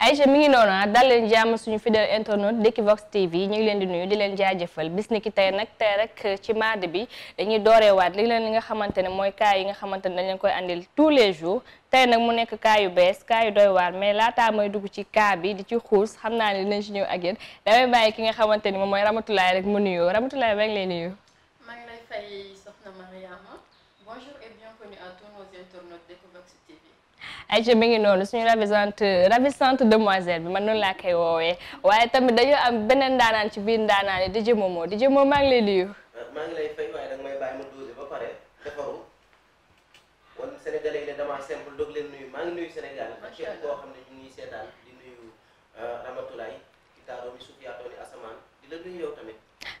Aïcha mi ngi noonu ah daal leen jàmm suñu fidèle internaute d'Equivox TV ñu ngi leen di nuyu di leen jaajafal bis ni ki tey nag tey rek ci mardi bi dañuy waat li leen li nga xamante ne mooy cas yi nga xamante ne dañ leen koy andil tous les jours tey nag mu nekk kaa yu bees cas yu doy waar mais laataa mooy dugg ci kaa bi di ci xuus xam naa ne dinañ ci ñëw ak yéen damay bàyyi ki nga xamante ni moom mooy Ramatoulaye rek mu nuyoo Ramatoulaye maa ngi lay nuyu. ayca mi ngi noonu suñu ravissante ravissante demoiselle bi man noonu laa koy woowee waaye tamit dañoo am beneen ndaanaan ci biir ndaanaan yi DJ Momo DJ Momo maa ngi nuyu. Ah, maa ma dose ba pare xam ne ñu ngi seetaan di nuyu ah, Ramatoulaye ci mi suuf yaatoo asamaan di la nuyu yow tamit.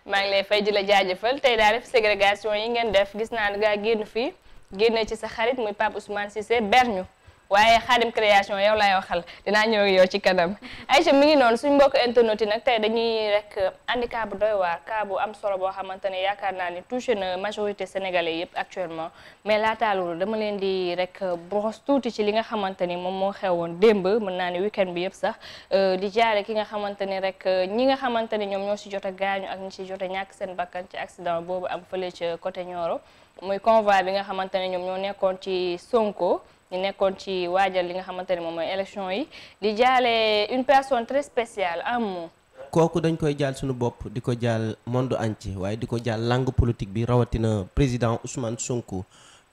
maa ngi lay fay di la jaajëfal tey daal def ségrégation yi ngeen def gis naa nga génn fii génne ci sa xarit muy Pape Ousmane Cissé ñu waaye xaadim création yow laay waxal dinaa ñëw yow ci kanam Aïcha mi ngi noonu suñ mbokk internet yi nag tey dañuy rek andi cas bu doy waar cas bu am solo boo xamante ne yaakaar naa ni touché na majorité sénégalais yëpp actuellement mais laataa loolu dama leen di rek brosse tuuti ci li nga xamante ni moom moo woon démb mën naa ni weekend bi yëpp sax euh, di jaare ki nga xamante ni rek euh, ñi nga xamante ni ñoom ñoo si jot a gaañu ak ñi si jot a ñàkk seen bakkan ci accident boobu am fële côté Nioro muy convoi bi nga xamante ne ñoom ñoo nekkoon ci Sonko ñu nekkoon ci waajal li nga xamante ne moom mooy élection yi di jaale une personne très spéciale am mot kooku dañ koy jaal suñu bopp di ko jaal monde ci waaye di ko jaal langue politique bi rawatina président Ousmane Sonko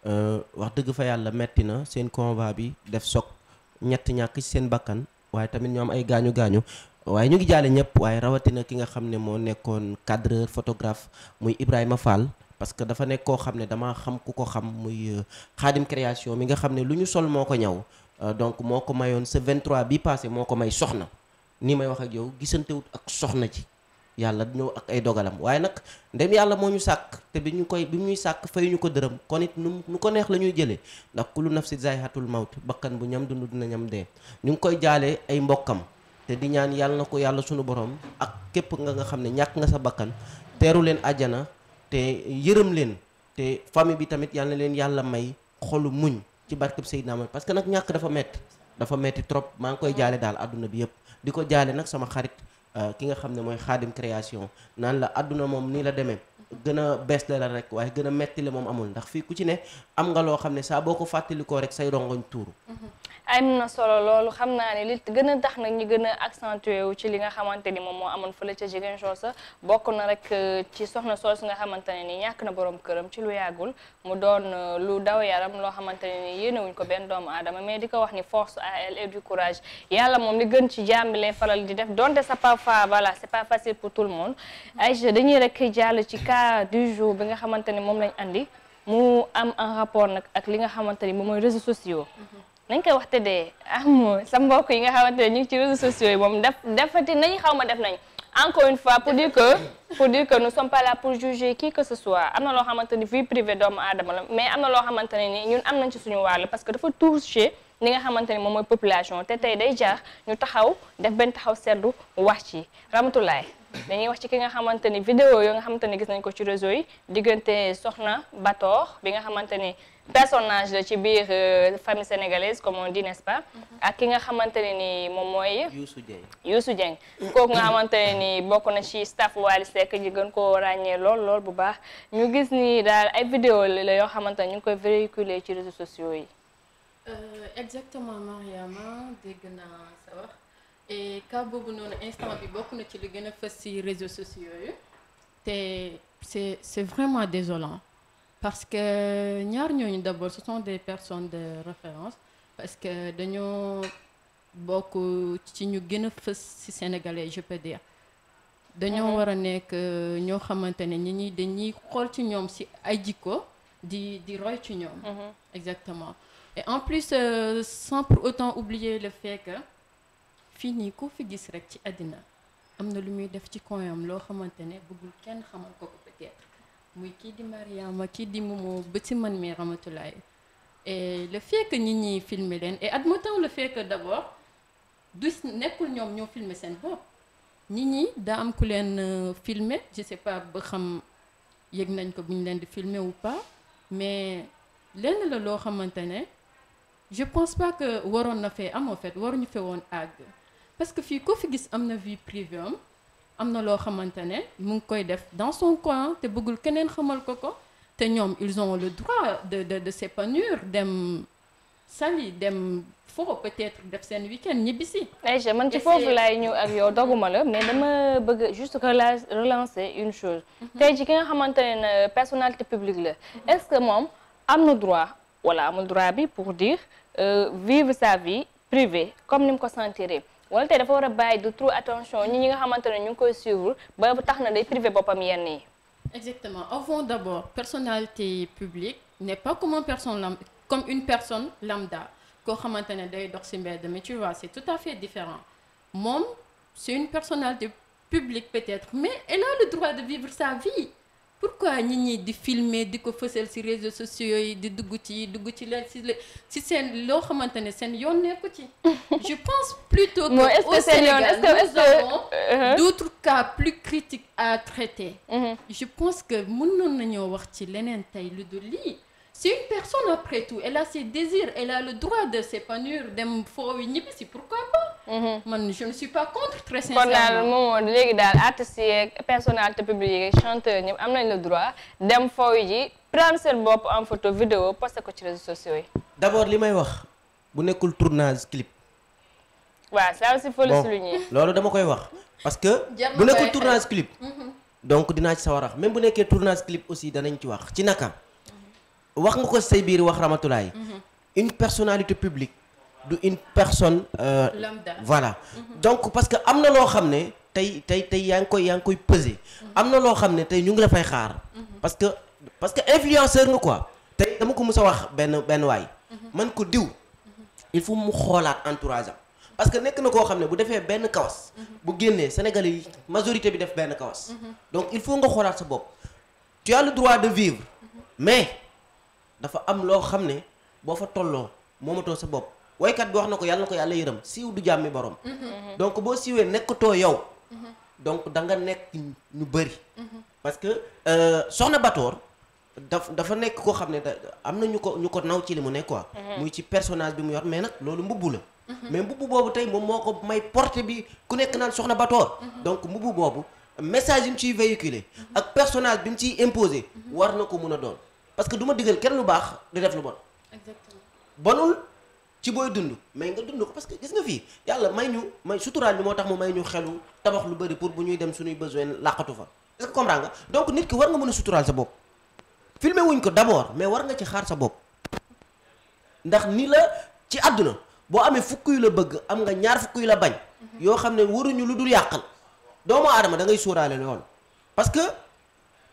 euh, wax dëgg fa yàlla metti na seen convoi bi def soog ñett ñàkk ci seen bakkan waaye tamit ñoo am ay gaañu gaañu waaye ñu ngi jaale ñëpp waaye rawatina ki nga xam ne moo nekkoon cadreur photographe muy Ibrahima Fall parce que dafa nekk koo xam ne damaa xam ku ko xam muy xaadim euh, création mi nga xam ne lu ñu sol moo ko ñaw euh, donc moo ko mayoon sa 23 bi passé moo ko may soxna ni may wax ak yow gisantewut ak soxna ci yàlla ñëw ak ay dogalam waaye nag ndem yàlla moo ñu sàkk te bi ñu koy bi ñuy sàkk fay ñu ko dërëm kon it nu nu ko neex la ñuy jëlee ndax ku lu nafsi zaayatul mawt bakkan bu ñam dundu dina ñam dee ñu ngi koy jaalee ay mbokkam te di ñaan yàlla na ko yàlla sunu borom ak képp nga nga xam ne ñàkk nga sa bakkan te yërëm leen te famille bi tamit yal na leen yàlla may xolu muñ ci barkeb Seydina Muhammad parce que nag ñàkk dafa metti dafa metti trop maa ngi koy jaale daal àdduna bi yëpp di ko jaale nag sama xarit euh, ki nga xam ne mooy xaadim création naan la àdduna moom nii la demee gën a bees la rek waaye gën a metti la moom amul ndax fii ku ci ne am nga loo xam ne saa boo ko fàttalikoo rek say rongoñ tuuru. Mm-hmm. am na solo loolu xam naa ne li gën a tax nag ñu gën a accentué wu ci li nga xamante ni moom moo amoon fële ca Ziguinchor sa bokk na rek euh, ci soxna soos nga xamante ne ni ñàkk na borom këram ci lu yàggul mu doon euh, lu daw yaram loo xamante ne ni yéenewuñ ko benn doomu aadama mais di ko wax ni force à elle et du courage yàlla moom li gën ci jaam bi lay di def donte sa parfois voilà c'est pas facile pour tout débat du jour bi nga xamante moom lañ andi mu am en rapport nag ak li nga xamante ni moom mooy réseaux sociaux. Mm-hmm. nañ koy waxte de am ah, sa mbokk yi nga xamante ne ñu ngi ci réseaux sociaux yi moom def defati nañ xaw def nañ encore une fois pour dire que pour dire que nous sommes pas là pour juger qui que ce soit am na loo xamante ni vie privée doomu aadama la mais am na loo xamante ne ni ñun am nañ ci suñu wàll parce que dafa touché. ni nga xamante ni moom mooy population te tey day jaar ñu taxaw def benn taxaw seetlu wax ci ramatulaay dañuy wax ci ki nga xamante ni vidéo yoo nga xamante ni gis nañ ko ci réseau yi diggante Soxna Bator bi nga xamante ni personnage la ci biir euh, famille sénégalaise comme on dit n'est-ce mm-hmm. ak ki nga xamante ne ni moom mooy Youssou Dieng Youssou Dieng kooku nga xamante ne ni bokk na ci staff Wally Seck ñi gën koo ràññee lool lool bu baax ñu gis nii daal ay vidéo la yoo xamante ne ñu ngi koy véhiculer ci réseaux sociaux yi Euh, exactement Mariama dégg naa sa wax et cas boobu noonu instant bi bokk na ci li gën a fës ci réseaux sociaux yooyu te c'est c'est vraiment désolant parce que ñaar ñooñu d'abord ce sont des personnes de référence parce que dañoo bokk ci ñu gën a fës ci sénégalais je dañoo mhm. war a nekk euh, ñoo xamante ne ñi ñi dañuy xool ci ñoom ci ay jiko di di roy ci ñoom mhm. exactement en plus euh, sans pour autant oublier le fait que fii nii ku fi gis rek ci àddina am na lu muy def ci koyam loo xamante ne bëggul kenn xamal ko ko peut muy kii di Mariama kii di Momo ba ci man mi Ramatulaay et le fait nit ñi filmer leen et admettons le fait que d'abord du nekkul ñoom ñoo filmer seen bopp nit ñi daa am ku leen euh, filmer je sais pas ba xam yëg nañ ko bu ñu leen di filmer wu pas mais lenn la loo xamante ne je pense pas que waroon na fee am en fait waruñu fee woon àgg parce que fii ko fi gis am na vie privée am am na loo xamante ne mu ngi koy def dans son coin te bëggul keneen xamal ko ko te ñoom ils ont le droit de de de s'épanouir dem sali dem foo peut-être def seen week-end ñibbisi. Aïcha man ci foofu laay ñëw ak yow doguma la mais dama bëgg juste relancer une chose. Mhm. tey ci ki nga xamante ne euh, personnalité publique la. Mhm. est-ce que moom am na droit. wala amul droit bi pour dire euh, vivre sa vie privée comme ni mu ko sentiree wala tey dafa war a bàyyi de trop attention ñi ñi nga xamante ne ñu ngi koy suivre ba tax na day privé boppam yenn yi. exactement avant d'abord personnalité publique n'est pas comme une personne lam comme une personne lambda koo xamante ne day dox ci mbedd mais tu vois c'est tout à fait différent moom c'est une personnalité publique peut-être mais elle a le droit de vivre sa vie. pourquoi nit ñi di filmer di ko fësal ci réseaux sociaux yi di dugg ci dugg ci leen ci si seen loo xamante ne seen yoon nekku ci je pense plutôt que au Sénégal nous avons euh, d'autres cas plus critiques à traiter mm-hmm. je pense que mënoon nañoo wax ci leneen tey lu dul lii c'est une personne après tout elle a ses désirs elle a le droit de s'épanouir dem foofu ñibbi si pourquoi pas Mm-hmm. man je ne suis pas contre très daal moom léegi daal artistes yeeg personnalité publique yeeg chanteur ñëpp am nañ le droit dem fooy ji prendre seen bopp en photo vidéo posté ko ci réseaux sociaux yi. d' abord li may wax bu nekkul tournage clip. waaw ça aussi faut le souligner. loolu dama koy wax parce que. bu nekkul tournage clip. Mm-hmm. donc dinaa ci sawar a wax bu nekkee tournage clip aussi danañ ci wax ci naka. Mm-hmm. wax nga ko say biir wax Ramatulaay. une personnalité publique. du une personne. Euh, voilà mhm. donc parce que am na loo xam ne tey tey tey yaa ngi koy yaa ngi koy mhm. am na loo xam ne tey ñu ngi la fay xaar. Mhm. parce que parce que influenceur nga quoi. tey dama ko mës a wax benn benn waay. man ko diw. il faut mu xoolaat entourage parce que nekk na koo xam ne bu defee benn kawas. bu génnee Sénégalais yi majorité bi def benn kawas. donc il faut nga xoolaat sa bopp. tu as droit de vivre. mais dafa am loo xam ne boo fa tolloo moomatoo sa bopp. woykat bi wax na ko yàlla na ko yàlla yërëm siiw du jàmmi borom. Mhm. donc boo siiwee too yow. Mhm. donc danga nekk ñu bëri. Mhm. parce que euh, soxna Batoor daf dafa nekk koo xam ne da am na ñu ko ñu ko naw ci li mu ne quoi. muy ci personnage bi mu yor mais nag loolu mbubb la. mais mbubb boobu tey moom moo ko may porté bi ku nekk naan soxna Batoor. donc mbubb boobu message yi mu ciy véhiculé. ak personnage bi mu ciy imposé. war na ko mun a doon parce que duma ma kenn lu baax di lu bon. ci booy dund mais nga dund ko parce que gis nga fii yàlla may ñu may suturaal ñu moo tax mu may ñu xelu tabax lu bari pour bu ñuy dem suñuy besoin làqatu fa est-ce que donc nit ki war nga mën a suturaal sa bopp filmé wuñ ko d'abord mais war nga ci xaar sa bopp ndax ni la ci àdduna boo amee fukk yu la bëgg am nga ñaar fukk yu la bañ yoo xam ne waruñu lu dul yàqal doomu aadama dangay ngay sóoraale loolu parce que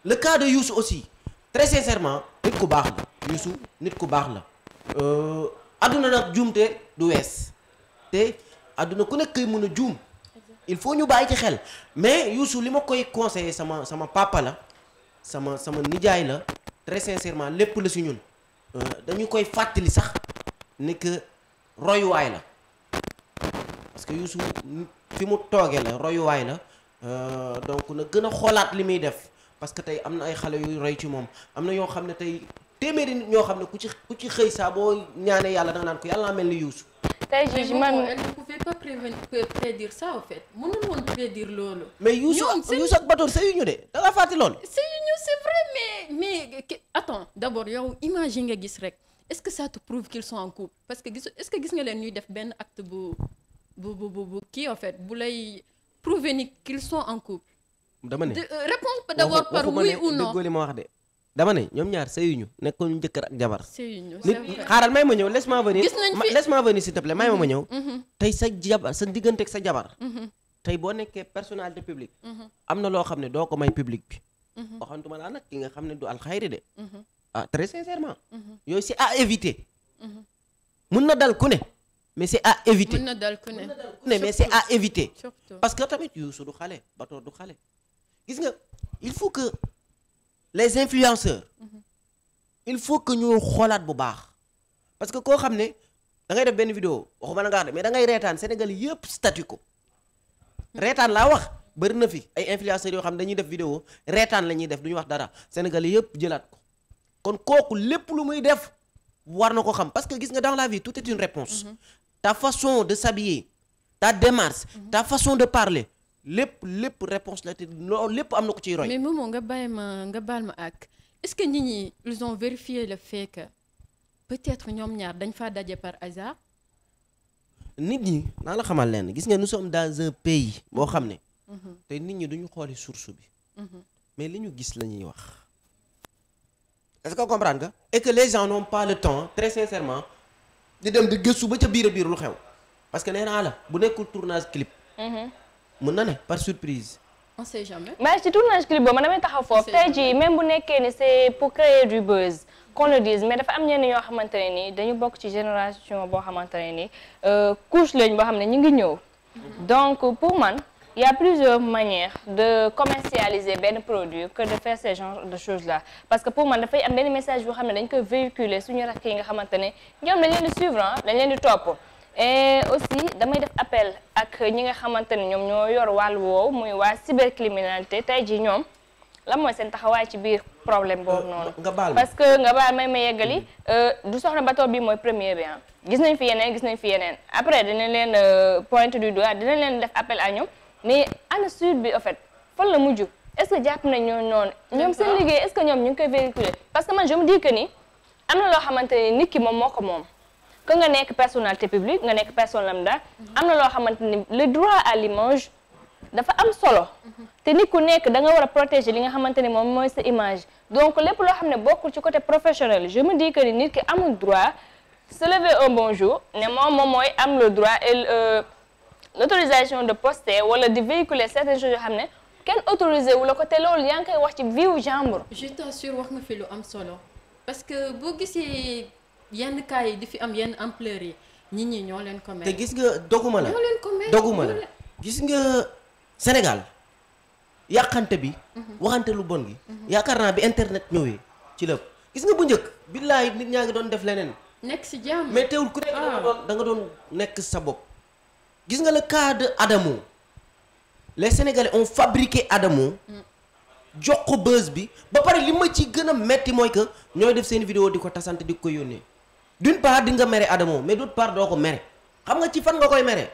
le cas de Youssou aussi très sincèrement nit ku baax la Youssou nit ku baax la euh, àdduna nag juumte du wees te àdduna ku nekk mën a juum il faut ñu bàyyi ci xel mais Youssou li ma koy conseiller sama sama papa la sama sama nijaay la très sincèrement lépp la si ñun euh, dañu koy fàttali sax ne que royuwaay la parce que Youssou fi mu toogee la royuwaay la euh, donc na gën a xoolaat li muy def parce que tey am na ay xale yu roy ci moom am na yoo xam ne tey téeméeri nit ñoo xam ne ku ci ku ci xëy saa boo ñaanee yàlla danga naan ko yàlla naa mel ni Youssou. tey jii man mais elle ne pouvait pas prédire ça en fait mënul woon prédire loolu. mais Youssou Youssou ak Batoor sëy yu ñu de da nga fàtte loolu. yu ñu c'est vrai mais mais attends d'abord yow image yi nga gis rek est-ce que ça te prouve qu'ils sont en couple parce que gis est-ce que gis nga leen ñuy def benn acte bu bu bu bu kii en fait bu lay prouver ni qu'ils sont en couple. dama ne de euh, répondre dama ne ñoom ñaar sëyuñu nekkuñu jëkkër ak jabar. sëyuñu nit xaaral may ma ñëw laisse-moi venir. gis nañ fi laisse-moi venir s'il te plaît may ma ma ñëw. Mm-hmm, mm-hmm. tey sa jabar sa diggante ak sa jabar. Mm-hmm. tey boo nekkee personnalité publique. am na loo xam ne doo ko may public bi. waxantuma laa nag ki nga xam ne du alxayri de. Ah, yooyu c'est à éviter. mun na dal ku ne. mais c'est à éviter parce que tamit Youssou du xale Bator du xale. gis nga il faut que. les influenceurs mm-hmm. il faut que ñu xoolaat bu baax parce que koo xam ne da ngay def benn vidéo waxuma la nga mais dangay reetaan Sénégal yëpp statut ko mm-hmm. reetaan laa wax bëri na fi ay influenceurs yoo xam ne dañuy def vidéo reetaan la ñuy def du wax dara Sénégal yëpp jëlaat ko kon kooku lépp lu muy def war na ko xam parce que gis nga dans la vie tout est une réponse mm-hmm. ta façon de s'habiller ta démarche ta façon de parler lépp lépp réponse la te loolu lépp am na ko ciy roy. mais Momo nga bàyyi ma nga baal ma ak est-ce que nit ñi ils ont vérifié le fait que peut ñoom ñaar dañ fa daje par hasard. nit ñi naa la xamal leen gis nga nous sommes dans un pays boo xam ne. Mhm. te nit ñi duñu xooli source bi. Mhm. mais li ñu gis lañuy wax. est-ce que comprendre nga. et que les gens n'ont pas le temps très sincèrement di dem di gëstu ba ca biir biir lu xew parce que nee la bu nekkul tournage clip. Mhm. mën na ne par surprise. on sait jamais. mais ci tournage clip boobu damay taxaw foofu. tey ji même bu nekkee ni c'est pour créer du buzz. qu'on le dise mais dafa am ñenn ñoo xamante ne ni dañu bokk ci génération boo xamante ne ni euh, couche lañ boo xam ne ñu ngi ñëw. donc pour man il a plusieurs manières de commercialiser benn produit que de faire ce genre de choses là parce que pour man dafay am benn message boo xam ne dañ koy véhiculer suñu rakk yi nga xamante ne ñoom dañ leen di ah, dañ leen di topp. et aussi damay def appel ak ñi nga xamante ne ñoom ñoo yor wàll woow muy waa cybercriminalité tey ji ñoom la mooy seen taxawaay ci biir problème boobu euh, noonu. nga baal parce que nga baal may ma yeggali mm. euh, du soxna bateau bi mooy premier bi ah. gis nañ fi yeneen gis nañ fi yeneen après dinañ leen euh, pointe du doigt dinañ leen def appel à ñoom mais ana suite fait fan la mujj est ce que jàpp ñoo noonu. ñoom seen liggéey est ce ñoom ñu ngi koy parce que man je me dis que am na loo xamante ni nit ki moom moo ko moom. que nga nekk personnalité publique nga nekk personne lambda am na loo xamante ni le droit à l'image dafa am solo te nit ku nekk da nga war a li nga xamante ni moom mooy sa image donc lépp loo xam ne bokkul ci côté professionnel je me dis que nit ki amul droit se lever un bonjour ne moom moom mooy am le droit et euh, l'autorisation de poster wala di véhiculer certaines choses yoo xam ne kenn autoriser wu la ko te loolu yaa ngi koy wax ci vie wu jàmbur je t'assure wax nga fi lu am solo yenn cas yi di fi am yenn ampleur yi nit ñi ñoo leen ko may. te gis nga doguma la ñoo doguma la gis nga Sénégal yàqante bi. Mhm. waxante lu bon gi. Mhm. yaakaar naa bi internet ñëwee ci la gis nga bu njëkk. billaay nit ñaa ngi doon def leneen. nekk si jàmm mais ku nekk da nga ah. doon da sa bopp. gis nga le cas de Adamo les Sénégalais ont fabriqué Adamo. Mm. jox ko bi ba pare li ma ci gën a metti mooy que ñooy def seen vidéo di ko tasante di ko yónnee. d'une part di nga mere Adamo mais d'autre part doo ko mere xam nga ci fan nga koy mere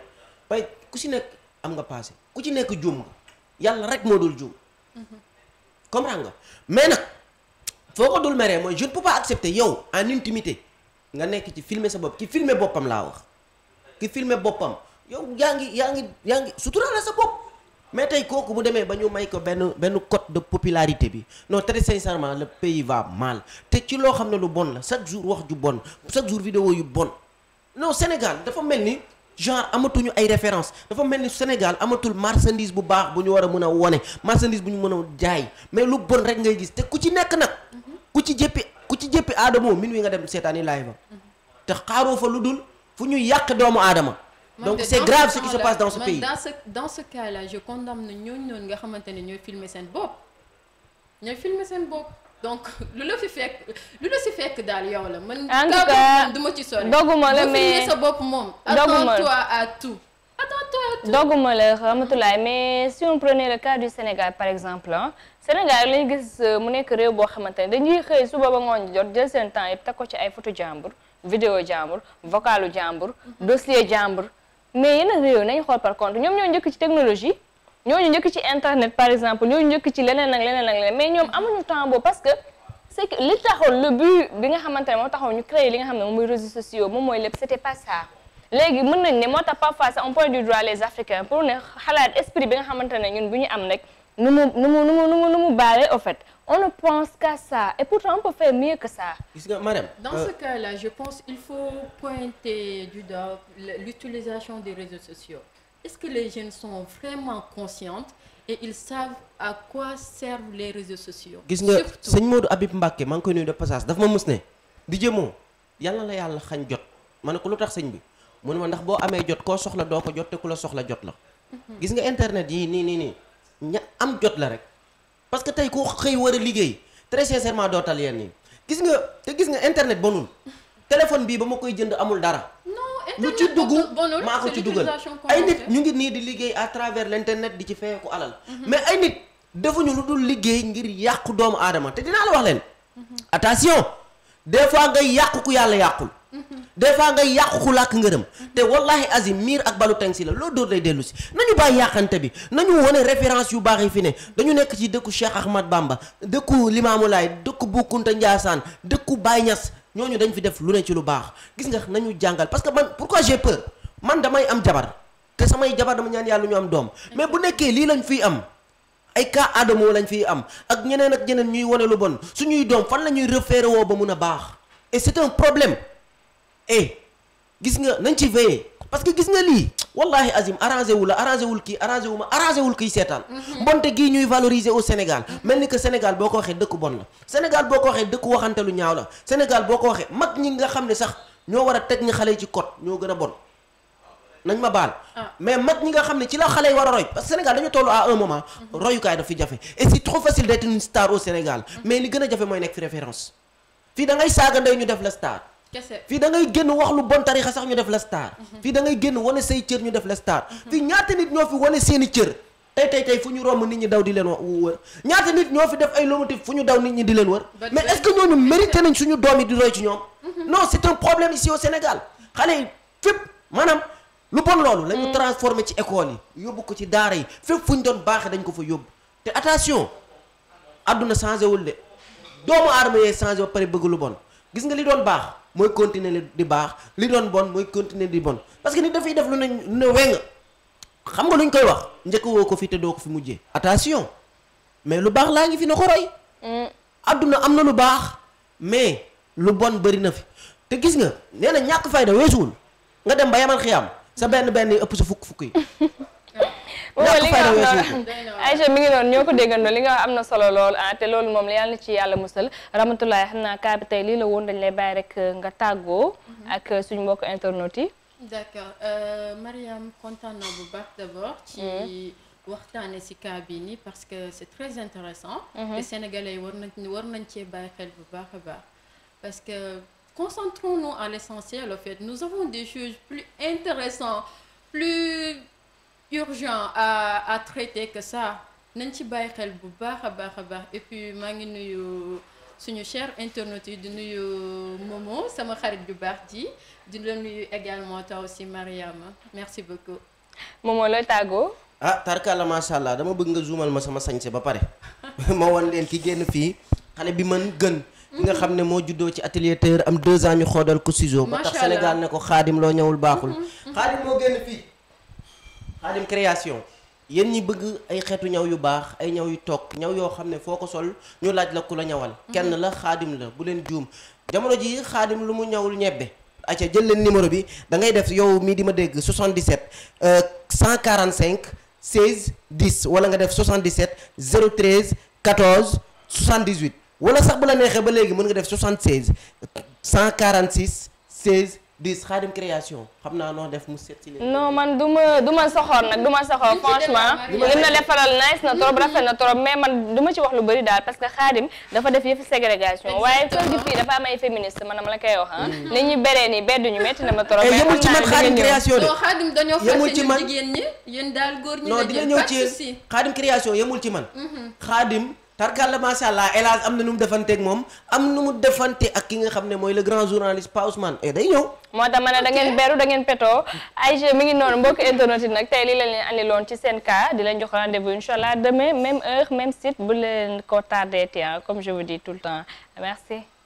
bay ku ci nekk am nga passé ku ci nekk juum nga yàlla rek moo dul comme mhm. comprends nga mais nag foo ko dul meree mooy je ne peux yow en intimité nga nekk ci filmer sa bopp ki filmer boppam laa wax ki filmer boppam yow yaa ngi yaa ngi yaa ngi suturaale sa bopp mais tey kooku bu demee ba ñu may ko benn benn cote de popularité bi non très sincèrement le pays va mal te ci loo xam ne lu bon la chaque jour wax ju bon chaque jour vidéo yu bon non Sénégal dafa mel ni genre amatuñu ay référence dafa mel ni Sénégal amatul marchandise bu baax bu ñu war a mën a wone marchandise bu ñu mën a jaay mais lu bon rek ngay gis te ku ci nekk nag ku ci jëppi ku ci jëppi aadamoo min wi nga dem seetaani live ba te xaaroo fa lu dul fu ñuy yàq doomu aadama donc c'est grave ce qui se passe dans ce pays dans ce je condamne ñooñu nga xamante ne ñooy filmer seen bopp ñooy filmer seen bopp donc lu la fi fekk lu la si fekk daal yow la man. en tout du ma ci sori. doguma la mais sa bopp moom. doguma attends-toi la Ramatoulaye mais si on prenait le du Sénégal par exemple ah Sénégal lañu gis euh, mu nekk réew boo xamante ne dañuy xëy suba ba ngoon jot jël seen temps yi teg ko ci ay photo jàmbur vidéo jàmbur vocalu jàmbur mhm. dossier jàmbur. mais yeneen réew nañ xool par contre ñoom ñoo njëkk ci technologie ñooñu njëkk ci internet par exemple ñooñu njëkk ci leneen ak leneen ak leneen mais ñoom amuñu temps parce que li taxoon le but bi nga xamante ne moo taxoon ñu créé li nga xam ne moom mooy réseaux sociaux moom mooy lépp c'était pas ça léegi mën nañ ne moo tax parfois sax on pointe du doigt les Africains pour ne xalaat esprit bi nga xamante ne ñun bu ñu am nag nous nous nous nous nous nous barrer au fait on ne pense qu'à ça et pourtant on peut faire mieux que ça. gis nga madame. dans euh... ce cas-là je pense il faut pointer du doigt l'utilisation des réseaux sociaux est-ce que les jeunes sont vraiment conscientes et ils savent à quoi servent les réseaux sociaux. gis nga sëñ Modou Habib Mbacké maa ngi koy nuyu de passage daf ma mus ne di jëmoo yàlla la yàlla xañ jot ma ne ko lu tax sëñ bi mu ne ma ndax boo amee jot koo soxla doo ko jot te ku la soxla jot la. Mhm. gis nga internet yii nii nii nii. ña am jot la rek parce que tey ku xëy war a liggéey très sincèrement doo tal yenn yi gis nga te gis nga internet bonul téléphone bii ba ma koy jënd amul dara. lu ci dugg maa ko ci dugal ay nit ñu ngi nii di liggéey à travers l'internet di ci feeku alal mhm. mais ay nit defuñu lu dul liggéey ngir yàqu doomu aadama te dinaa la wax leen mhm. attention des fois yàqu ku yàlla yàqul des fois ngay yàqu làkk ngërëm te wallahi azim miir ak balu teng si la loo door lay dellu si nañu bàyyi yàqante bi nañu wone référence yu baax yi fi ne dañu nekk ci dëkku Cheikh Ahmad Bamba dëkku Limaamu Laay dëkku Bukunta Njaasaan dëkku Baay Ñas ñooñu dañ fi def lu ne ci lu baax gis nga nañu jàngal parce que man pourquoi j'ai man damay am jabar te samay jabar dama ñaan yàlla ñu am doom mais bu nekkee lii lañ fiy am ay cas aadamoo lañ fiy am ak ñeneen ak ñeneen ñuy wane lu bon suñuy doom fan la ñuy référé woo ba mun a baax et c'est un problème eh gis nga nañ ci veiller parce que gis nga lii wallahi azim arrangé wu la arrangé wul kii arrangé wu ma arrangé wul kii seetaan mhm. mbonte gii ñuy valoriser au Sénégal mel ni que Sénégal boo ko waxee dëkk bon la Sénégal boo ko waxee dëkk waxante lu ñaaw la Sénégal boo ko waxee mag ñi nga xam ne sax ñoo war a teg ñi xale ci code ñoo gën a bon nañ ma baal ah. mais mag ñi nga xam ne ci la xale yi war a roy parce que Sénégal dañu toll à un moment mhm. royukaay daf fi jafe et c'est trop star Sénégal mhm. mais li gën a jafe mooy nekk fii da ngay saaga ndey ñu def la star fii dangay génn wax lu bon tarixa sax ñu def la star mhm. fii da ngay génn wane say cër ñu def la star mhm. fii ñaata nit ñoo fi wane seeni cër tey eh, tey tey fu ñu romb nit ñi daw di leen wër ñaata nit ñoo fi def ay lomotif fu ñu daw nit ñi di leen wër mais est-ce que ñooñu mérité nañ suñu doom yi di roy ci ñoom mhm. non c'est un problème si au Sénégal xale yi fépp maanaam lu bon loolu la ñu transformé ci école yi yóbbu ko ci daara yi fépp fu ñu doon baaxee dañ ko fa yóbbu te attention changé wul de doomu aadama yee changé ba pare bëgg lu gis nga li doon baax mooy continuer di baax li doon bon mooy continuer di bon parce que nit dafay def lu ne lu ne weng xam nga luñ koy wax njëkk woo ko fi te doo ko fi mujjee attention mais lu baax laa ngi fi na ko roy mm. adduna am na lu baax mais lu bon bëri na fi te gis nga nee na ñàkk fayda weesuwul nga dem ba yamal am sa benn benn ëpp sa fukk fukk yi Oh, li nga wax noonu li nga am na solo lool ah te loolu moom yàlla na ci yàlla musal ramatulaay xam naa kaa bi tey lii la woon dañ lay bàyyi rek euh, nga tàggoo mhm. ak euh, suñu mbokk internet yi d'accord euh, Mariam kontaan na bu baax d'abord ci mhm. waxtaane si cas bii nii parce que c'est très intéressant mhm. te sénégalais yi war nañ war nañ cee bàyyi xel bu baax a baax parce que concentrons-nous à l'essentiel au nous avons des choses plus intéressantes plus urgent à à traiter que nañ ci bàyyi xel bu baax a baax a baax et maa ngi nuyu suñu cher internautes yi di nuyu Momo sama xarit bu baax ji di la nuyu également toi aussi Mariama merci beaucoup. Momo looy tàggoo. ah tarkala macha allah dama bëgg nga zoomal ma sama sañse ba pare moo wan leen ki génn fii xale bi mën gën. ki nga xam ne moo juddoo ci atelier tailleur am deux ans ñu xoodal ko ciseau. ba tax Sénégal ne ko xaadim loo ñawul baaxul. xaadim mm-hmm. moo génn fii. xaadim création yéen ñi bëgg ay xeetu ñaw yu baax ay ñaw yu toog ñaw yoo xam ne foo ko sol ñu laaj la ku la ñawal mhm. kenn la xaadim la bu leen juum jamono ji xaadim lu mu ñawul ñebbe acca jël leen numéro bi dangay def yow mii di ma dégg 77 145 16 10 wala nga def 77 013 14 78 wala sax bu la neexee ba léegi mën nga def 76 146 16 dis xaadim création xam naa noo def mu seet si leen. non man du ma du ma soxor nag du ma franchement. li na defaral nice na trop rafet na trop mais man du ma ci wax lu bëri daal parce que xaadim dafa def yëfi ségrégation. waaye kër gi fii dafa am ay féministe man dama la koy wax ah. Mm. ni ñuy beree nii beddu ñu métti na ma trop. Eh, mais yemul ci man xaadim création de. xaadim ci man mm-hmm. xaadim tarkalla macha allah El Hadj am na nu mu defanteeg moom am nu defante ak ki nga xam ne mooy le grand journaliste Pa Ousmane e day ñëw. moo tax ma ne da ngeen beru da ngeen petoo Aïcha mi ngi noonu mbokk internet yi nag tey lii la leen andiloon ci seen cas di leen jox rendez-vous incha allah demain même heure même site bu leen ko tardé comme je vous dis tout le temps merci.